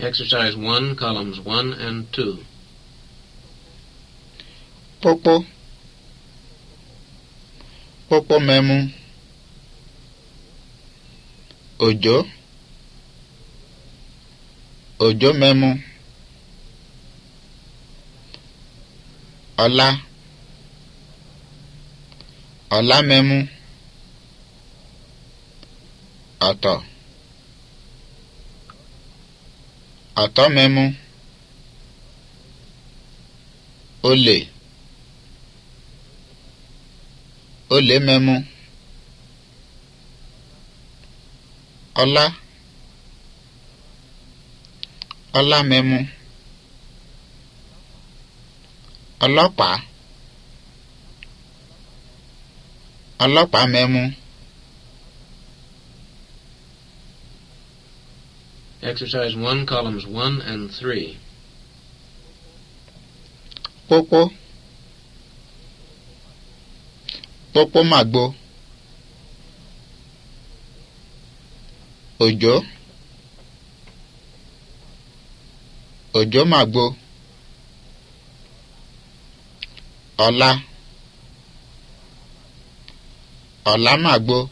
Exercise 1, columns 1 and 2. Popo. Popo memu. Ojo. Ojo memu. Ọlá. Ọlá memu. Ata. àtọ́ mímú olè olè mímú ọlá ọlá mímú ọlọ́pàá ọlọ́pàá mímú. Exercise 1, columns 1 and 3. Popo. Popo magbo. Ojo. Ojo magbo. Ola. Ola magbo.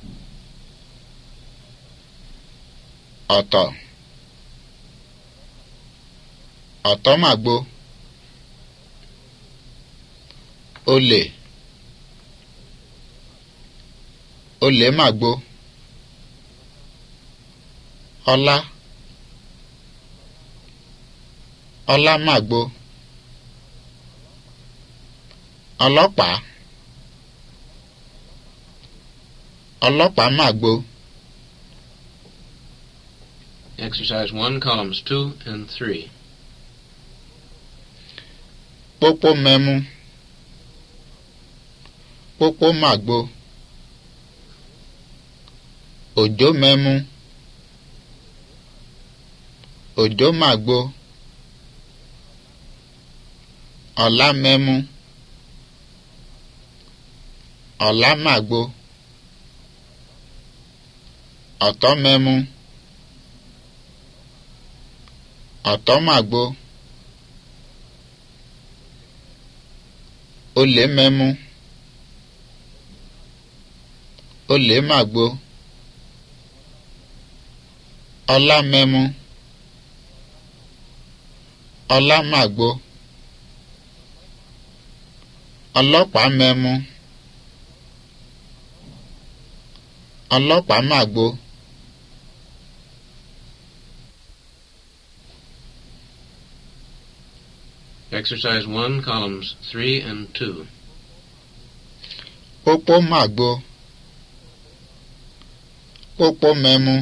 Otto. ọ̀tọ́màgbo olè olèmàgbo ọlá ọlámàgbo ọlọ́pàá ọlọ́pàá màgbo. Exercise 1, columns 2 and 3 pópó mẹ́mú pópó màgbo òjò mẹ́mú òjò màgbo ọ̀la mẹ́mú ọ̀la màgbo ọ̀tọ̀ mẹ́mú ọ̀tọ̀ màgbo. olè mẹ́mú olè màgbo ọlá mẹ́mú ọlá màgbo ọlọ́pàá mẹ́mú ọlọ́pàá màgbo. Exercise 1, columns 3 and 2. Pópó magbo. Pópó mẹ́mu.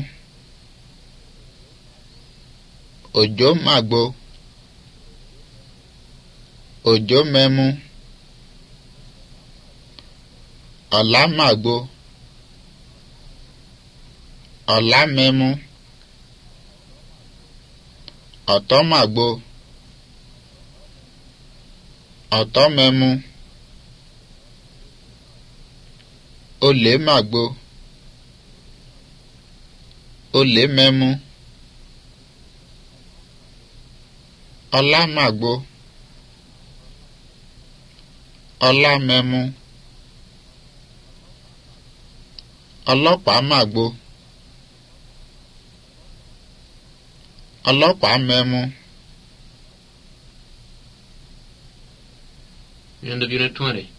Ojo magbo. Ojo mẹ́mu. Ọ̀la magbo. Ọ̀la mẹ́mu. Ọ̀tọ́ màgbo. ọ̀tọ́mẹmu olè màgbo olè mẹmu ọlá màgbo ọlá mẹmu ọlọ́pàá màgbo ọlọ́pàá mẹmu. End of Unit 20.